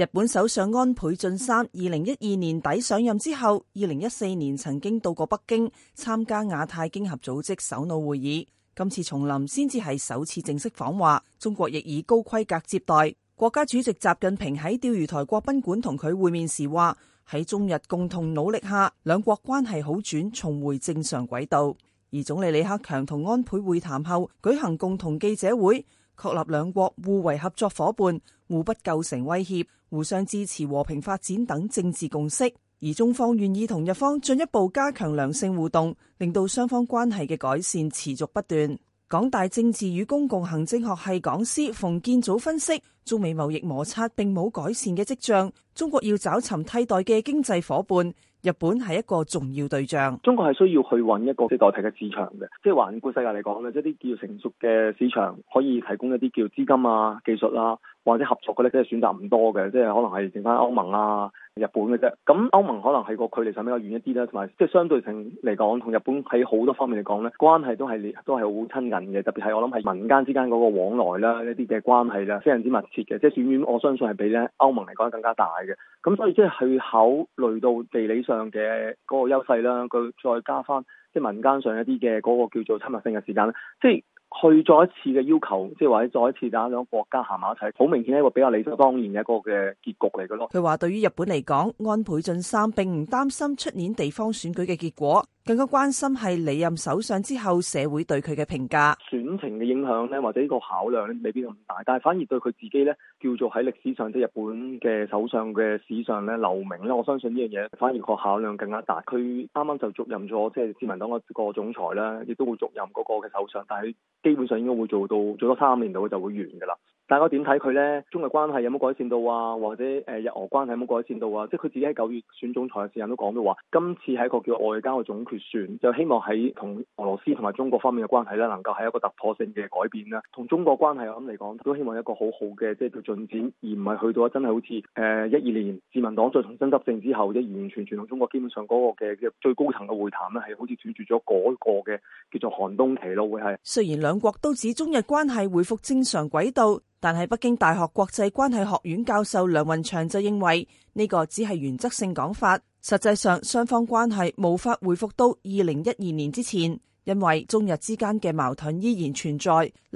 日本首相安倍晉三二零一二年底上任之後，二零一四年曾經到過北京參加亞太經合組織首腦會議，今次重臨先至係首次正式訪華，中國亦以高規格接待。國家主席習近平喺釣魚台國賓館同佢會面時話：喺中日共同努力下，兩國關係好轉，重回正常軌道。而總理李克強同安倍會談後舉行共同記者會。確立兩國互為合作夥伴、互不構成威脅、互相支持和平發展等政治共識，而中方願意同日方進一步加強良性互動，令到雙方關係嘅改善持續不斷。港大政治與公共行政學系講師馮建祖分析，中美貿易摩擦並冇改善嘅跡象，中國要找尋替代嘅經濟伙伴，日本係一個重要對象。中國係需要去揾一個替代嘅市場嘅，即係環顧世界嚟講咧，即係啲叫成熟嘅市場可以提供一啲叫資金啊、技術啦、啊。或者合作嘅咧，即係選擇唔多嘅，即係可能係剩翻歐盟啊、日本嘅啫。咁歐盟可能係個距離上比較遠一啲啦，同埋即係相對性嚟講，同日本喺好多方面嚟講咧，關係都係都係好親近嘅。特別係我諗係民間之間嗰個往來啦，一啲嘅關係啦，非常之密切嘅。即係遠遠，我相信係比咧歐盟嚟講更加大嘅。咁所以即係去考慮到地理上嘅嗰個優勢啦，佢再加翻即係民間上一啲嘅嗰個叫做親密性嘅時間啦，即係去再一次嘅要求，即係話者再一次打兩個國家行埋一齊，好明顯係一個比較理所當然嘅一個嘅結局嚟嘅咯。佢話對於日本嚟講，安倍晉三並唔擔心出年地方選舉嘅結果。佢嘅關心係離任首相之後社會對佢嘅評價，選情嘅影響咧，或者呢個考量咧，未必咁大，但係反而對佢自己咧，叫做喺歷史上即係、就是、日本嘅首相嘅史上咧留名咧，我相信呢樣嘢反而個考量更加大。佢啱啱就續任咗即係自民黨嘅個總裁啦，亦都會續任嗰個嘅首相，但係基本上應該會做到做咗三年度就會完㗎啦。大家點睇佢呢？中日關係有冇改善到啊？或者日俄關係有冇改善到啊？即係佢自己喺九月選總裁嘅時候都講到話，今次係一個叫外交嘅總決算，就希望喺同俄羅斯同埋中國方面嘅關係咧，能夠係一個突破性嘅改變啦。同中國關係我諗嚟講都希望一個好好嘅即係叫進展，而唔係去到真係好似誒一二年自民黨再重新執政之後，即係完完全全同中國基本上嗰個嘅最高層嘅會談呢，係好似斷住咗嗰個嘅叫做寒冬期咯，會係。雖然兩國都指中日關係回復正常軌道。但係，北京大學國際關係學院教授梁雲祥就認為呢個只係原則性講法，實際上雙方關係無法回復到二零一二年之前，因為中日之間嘅矛盾依然存在，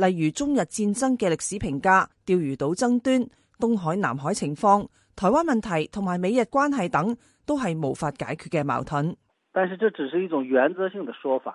例如中日戰爭嘅歷史評價、釣魚島爭端、東海、南海情況、台灣問題同埋美日關係等，都係無法解決嘅矛盾。但是，是這只是一種原則性的說法。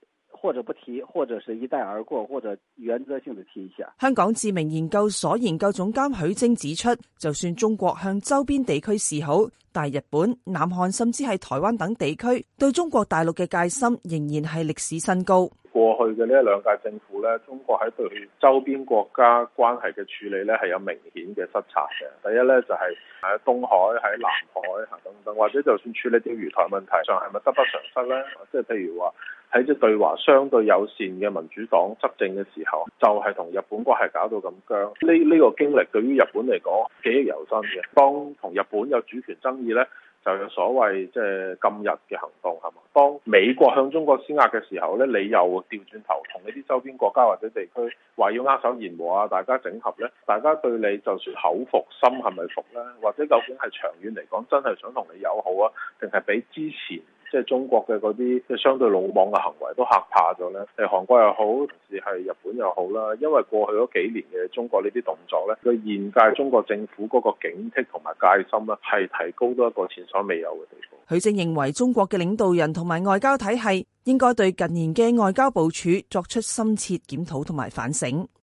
或者不提，或者是一帶而過，或者原則性的提一下。香港知名研究所研究總監許晶指出，就算中國向周邊地區示好，但日本、南韓甚至係台灣等地區對中國大陸嘅戒心仍然係歷史新高。過去嘅呢兩屆政府呢，中國喺對周邊國家關係嘅處理呢係有明顯嘅失策嘅。第一呢，就係、是、喺東海、喺南海等等、等等，或者就算處理釣魚台問題上，上係咪得不償失呢？即、就、係、是、譬如話。喺即對華相對友善嘅民主黨執政嘅時候，就係、是、同日本關係搞到咁僵。呢、這、呢個經歷對於日本嚟講記憶猶新嘅。當同日本有主權爭議呢，就有所謂即係禁日嘅行動係嘛？當美國向中國施壓嘅時候呢，你又調轉頭同你啲周邊國家或者地區話要握手言和啊，大家整合呢，大家對你就算口服心係咪服呢？或者究竟係長遠嚟講真係想同你友好啊，定係比之前？即係中國嘅嗰啲即係相對魯莽嘅行為都嚇怕咗咧，係韓國又好，同時係日本又好啦。因為過去嗰幾年嘅中國呢啲動作咧，佢現屆中國政府嗰個警惕同埋戒心咧，係提高到一個前所未有嘅地方。許正認為中國嘅領導人同埋外交體系應該對近年嘅外交部署作出深切檢討同埋反省。